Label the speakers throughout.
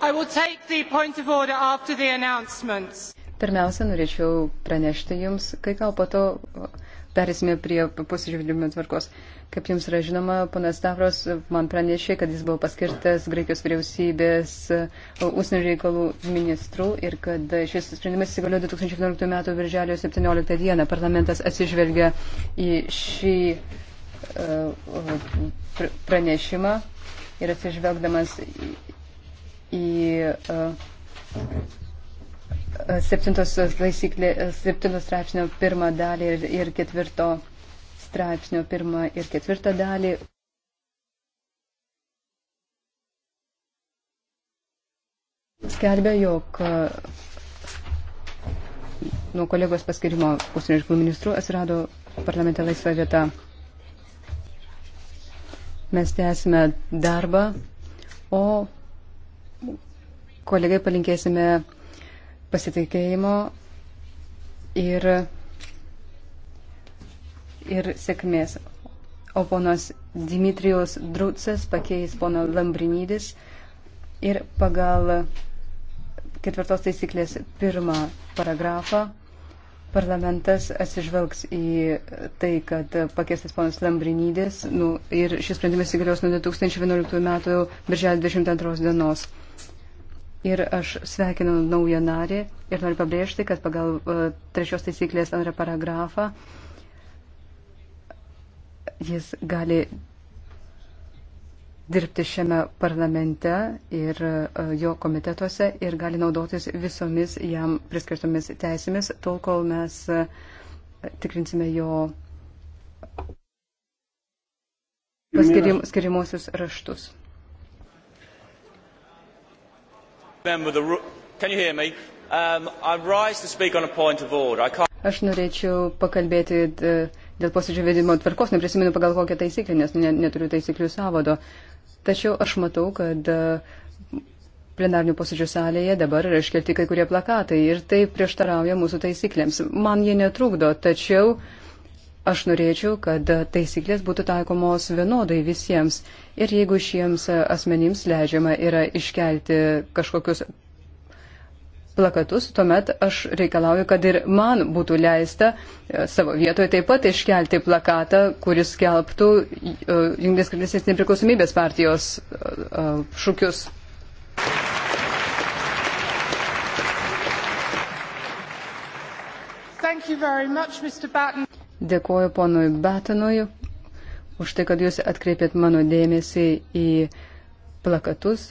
Speaker 1: Pirmiausia, norėčiau pranešti Jums, kai gal po to perėsime prie posėdžių tvarkos. Kaip Jums yra žinoma, ponas Stavros man pranešė, kad jis buvo paskirtas Graikijos vyriausybės užsienio reikalų ministrų ir kad šis sprendimas įsigaliojo 2011 m. virželio 17 d. Parlamentas atsižvelgia į šį e, pranešimą ir atsižvelgdamas į e, e, e, septintos straipsnio pirmą dalį ir, ir ketvirto straipsnio pirmą ir ketvirtą dalį. Skelbia, jog nuo kolegos paskirimo užsienio reikalų ministrų atsirado parlamente laisva vieta. Mes tęsime darbą, o kolegai palinkėsime pasitikėjimo ir, ir sėkmės. O ponas Dimitrijos Drutsas pakeis pono Lambrinydis ir pagal ketvirtos taisyklės pirmą paragrafą parlamentas atsižvelgs į tai, kad pakeistas ponas Lambrinydis nu, ir šis sprendimas įgalios nuo 2011 m. birželio 22 dienos. Ir aš sveikinu naują narį ir noriu pabrėžti, kad pagal uh, trečios taisyklės antrą paragrafą jis gali dirbti šiame parlamente ir uh, jo komitetuose ir gali naudotis visomis jam priskirtomis teisėmis, tol kol mes uh, tikrinsime jo paskirimuosius raštus. Um, aš norėčiau pakalbėti e, dėl posėdžio vedimo tvarkos, neprisimenu pagal kokią taisyklę, nes neturiu taisyklių savado. Tačiau aš matau, kad e, plenarnių posėdžių salėje dabar yra iškelti kai kurie plakatai ir tai prieštarauja mūsų taisyklėms. Man jie netrukdo, tačiau uh, Aš norėčiau, kad taisyklės būtų taikomos vienodai visiems ir jeigu šiems asmenims leidžiama yra iškelti kažkokius plakatus, tuomet aš reikalauju, kad ir man būtų leista e, savo vietoje taip pat iškelti plakatą, kuris skelbtų e, Junginės karalystės nepriklausomybės partijos e, šūkius. Much, Dėkoju ponui Batonui už tai, kad jūs atkreipėt mano dėmesį į plakatus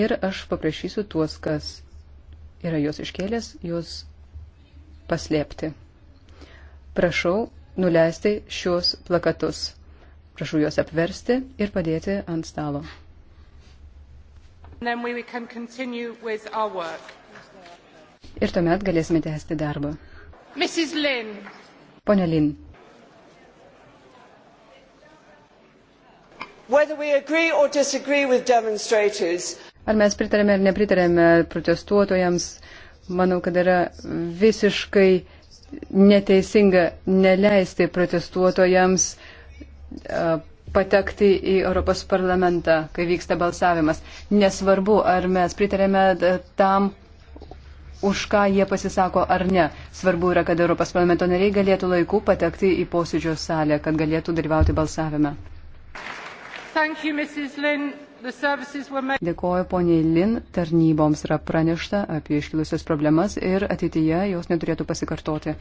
Speaker 1: ir aš paprašysiu tuos, kas yra juos iškėlęs, juos paslėpti. Prašau nuleisti šios plakatus. Prašau juos apversti ir padėti ant stalo. Ir tuomet galėsime tęsti darbą. Pone Lin. Ar mes pritarėme ar nepritarėme protestuotojams, manau, kad yra visiškai neteisinga neleisti protestuotojams patekti į Europos parlamentą, kai vyksta balsavimas. Nesvarbu, ar mes pritarėme tam, už ką jie pasisako ar ne. Svarbu yra, kad Europos parlamento nariai galėtų laiku patekti į posėdžio salę, kad galėtų dalyvauti balsavime. Dėkoju poniai Lin, tarnyboms yra pranešta apie iškilusias problemas ir ateityje jos neturėtų pasikartoti.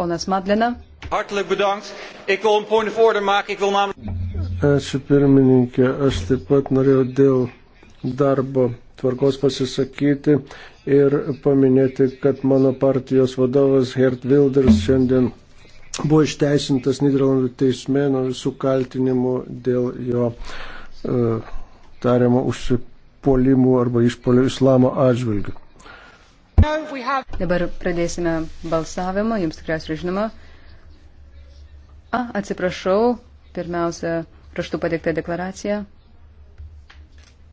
Speaker 1: Ponas Madlina. Hartelijk bedankt. Ik wil een point of order maken. Ik wil namelijk. Ačiū pirmininkė, aš taip pat norėjau dėl darbo tvarkos pasisakyti ir paminėti, kad mano partijos vadovas Hert Wilders šiandien buvo išteisintas Niderlandų teisme nuo visų kaltinimų dėl jo e, tariamo užsipolimų arba išpolių islamo atžvilgių. Dabar pradėsime balsavimą, jums tikriausiai žinoma. A, atsiprašau, pirmiausia, raštu pateikta deklaracija.